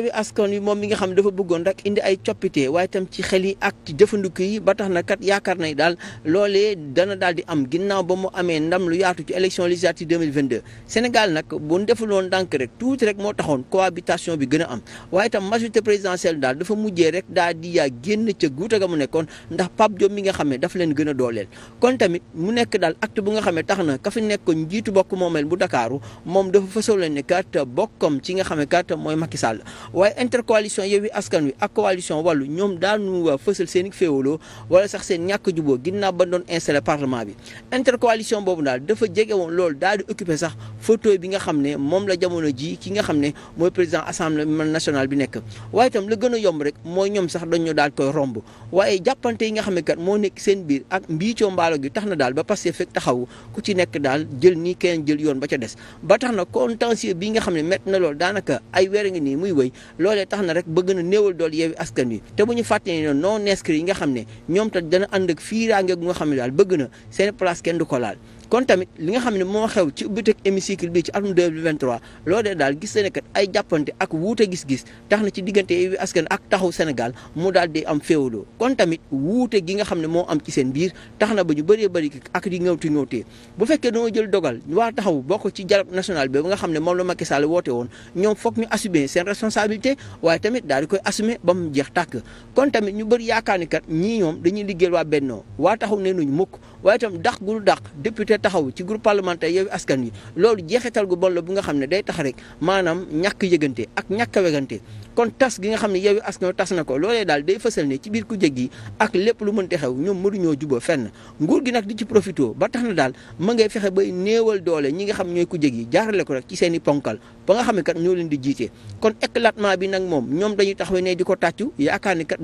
Yewwi Askan Wi moom mi nga xam dafa bëggoon rek indi ay coppite waaye itam ci xel yi ak ci jëfandiku yi ba tax na kat yaakaar na nañ daal loolee dana daal di am ginnaaw ba mu amee ndam lu yaatu ci élection législative 2022 Sénégal nag bu ñu defuloon ndànk rek tuuti rek moo taxoon cohabitation bi gën a am waaye tam majorité présidentielle daal dafa mujjee rek daal di yaa génn ca guuta ga mu nekkoon ndax Pape Diop mi nga xam ne dafa leen gën a dooleel kon tamit mu nekk daal acte bu nga xam tax na ka fi nekkoon njiitu bokk moomeel bu Dakaaru moom dafa fësal leen ne kat bokkam ci nga xam ne kat mooy Macky Sall waaye intercoalition Yewwi Askan Wi ak coalition wallu ñoom daanu fësal seen i féewaloo wala sax seen ñàkk juboo ginnaaw ba doon installé parlement bi intercoalition boobu daal dafa jege woon loolu daal di occupé sax fauteuil bi nga xam ne moom la jamono ji ki nga xam ne mooy président assemblée nationale bi nekk waaye itam la gën a yomb rek mooy ñoom sax dañu daal koy romb waaye jàppante yi nga xam ne kat moo nekk seen biir ak mbiicoo mbaalo gi tax na daal ba passé fekk taxaw ku ci nekk daal jël nii kenn jël yoon ba ca des ba tax na contentieux bi nga xam ne métti na lool daanaka ay weer ngi nii muy wëy loolee tax na rek bëgg na néewal dool yeewi askan wi te mu ñu fàtte ne non inscrits yi nga xam ne ñoom ta dana ànd ak fiiraange gu nga xam ne daal bëgg na seen place kenn du ko laal kon tamit li nga xam ne moo xew ci ubbiteg hémicycle bi ci mu atum 2023 loolee daal gis na ne kat ay jàppante ak wuute gis-gis tax na ci diggante Yewwi Askan ak taxaw Sénégal mu daal di am féewaloo kon tamit wuute gi nga xam ne moo am ci seen biir tax na ba ñu bëree bëri ak di ngawti ngawtee bu fekkee dañoo jël dogal waa taxaw bokk ci dialogue national bi nga xam ne moom la Macky Sall woote woon ñoom foog ñu assumer seen responsabilité waaye tamit daal di koy assumer ba mu jeex tàkk kon tamit ñu bëri yaakaar ni kat ñii ñoom dañuy liggéeyal waa Bennoo waa taxu nee nañu mukk waaye tam dax gu nu dàq député taxaw ci groupe parlementaire Yewwi Askan Wi loolu jeexital gu bon la bu nga xam ne day tax rek maanaam ñàkk yëgante ak ñàkk a wegante kon tas gi nga xam ne Yewwi Askan Wi tas na ko loole daal day fësal ne ci biir ku jég gi ak lépp lu mën mënti xew ñoom mënuñoo jubóo fenn nguur gi nag di ci profité ba tax na daal ma ngay fexe bay néewal doole ñi nga xam ñooy ku jég yi jaarale ko rek ci seen i ponkal ba nga xam ne kat ñoo leen di jiite kon éclatement bi nag moom ñoom dañuy taxawe ne di ko tàccu yaakaar ni kat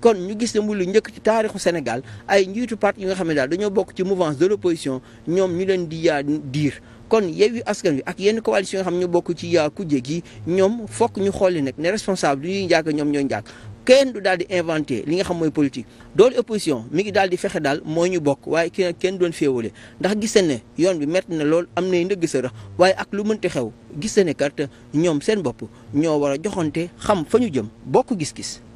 kon ñu gis ne mu lu njëkk ci taarixu Sénégal ay njiitu parti yi nga xam ne daal dañoo bokk ci mouvance de l'opposition ñoom ñu leen di yaa diir kon Yewwi Askan Wi ak yenn coalition yoo xam ñu bokk ci yaa kujje gi ñoom fokk ñu xooli nag ne responsable du ñuy njàkk ñoom ñooy njàkk kenn du daal di inventé li nga xam mooy politique doolu opposition mi ngi daal di fexe daal moo ñu bokk waaye ki kenn doon féewale ndax gis ne yoon bi mett na lool am nay ndëgg sa waaye ak lu mënti xew gis ne kat ñoom seen bopp ñoo war a joxante xam fa ñu jëm bokk gis-gis